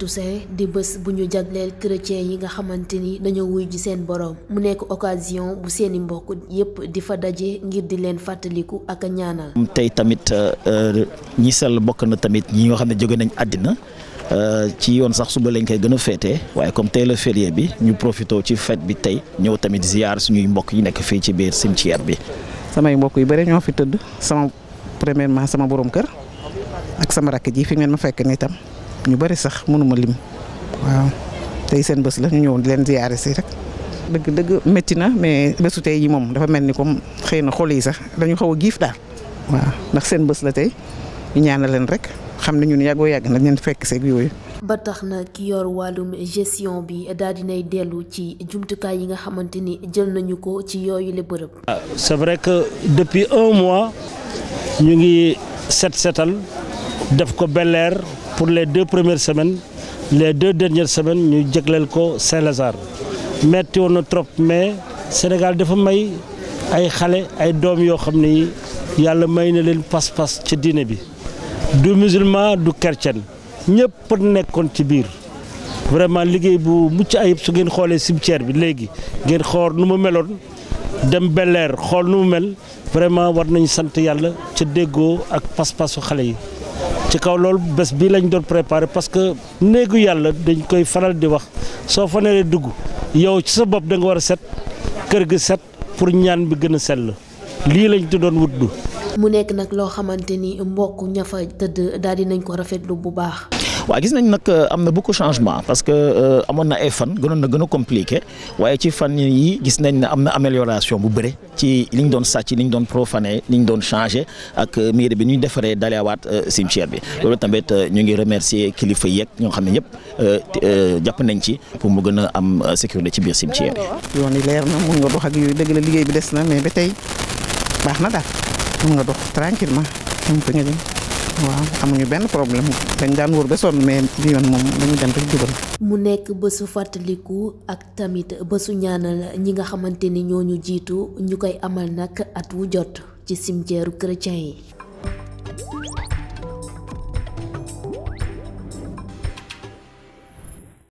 Toussaint di bés bu ñu jagleel chrétien yi nga xamante ni dañoo wuy ji seen boroom mu nekk occasion bu seeni mbokk yépp di fa daje ngir di leen fàttaliku ak ñaanal. tey tamit euh, euh, ñi sell bokk na tamit ñi nga xam ne jóge nañ àddina euh, ci yoon sax suba lañ koy gën a féetee waaye comme tey la férié bi ñu profité ci fête bi tey ñëw tamit ziyaar suñuy mbokk ñu nekk fii ci biir cimetière bi. samay mbokk yu bëri ñoo fi tëdd sama premièrement sama borom kër ak sama rakk ji fi ngeen ma fekk nii tam ñu bëri sax mënuma lim waaw tey seen bës la ñu ñëw di leen ziyaare si rek. dëgg dëgg métti na mais bésu tey yi moom dafa mel ni comme xëy na xol yi sax dañu xaw a giif daal. waaw ndax seen bës la tey ñu ñaanal leen rek xam ne ñun yàggoo yàgg nañ leen fekk seeg yooyu. ba tax na ki yor wàllum gestion bi daal dinay dellu ci jumtukaay yi nga xamante ni jël nañu ko ci yooyu le bërëb. Ah, c'est vrai que depuis un mois ñu ngi set setal def ko belleer pour les deux premières semaines les deux dernières semaines ñu jëgleel ko Saint-Lazare metti woon na trop mais Sénégal dafa may ay xale ay doom yoo xam ne yàlla may na leen pas-pas ci diine bi du musulman du chrétien. ñëpp nekkoon ci biir vraiment liggéey bu mucc ayib su ngeen xoolee cimetière bi léegi ngeen xool nu mu meloon dem belleer xool nu mu mel vraiment war nañu sant yàlla ca déggoo ak pas-pasu xale yi ci kaw loolu bés bii lañ doon préparé parce que néegu yàlla dañ koy faral di wax soo fa neree dugg yow ci sa bopp da nga war a set kër gi set pour ñaan bi gën a sell lii lañ doon wut mu nekk nag loo xamante ni mbokk ña tëdd daal di nañ ko rafetlu bu baax. waa gis nañ nag euh, am na bu ko changement parce que euh, amoon na ay fan gënoon na gën a compliqué waaye ci fan yi gis nañ ne am na amélioration bu bëri ci li ñu doon sàcc li ñu doon profané li ñu doon changé ak euh, miir bi ñuy defaree dalewaat cimetière bi loolu tamit ñu ngi remercier kilifa yëg ñoo xam ne ñëpp jàpp nañ ci pour mu gën a am sécurité ci biir cimetière yi. yoon yi leer na mun nga liggéey bi des na mais ba tey baax na mun nga dox tranquillement waaw amuñu benn problème dañ daan wóor ba sonn mais bi yoon moom dañu dem rek jubal mu nekk bésu fàttaliku ak tamit bésu ñaanal ñi nga xamante ni ñoo ñu jiitu ñu koy amal nag at wu jot ci cimetière chrétien yi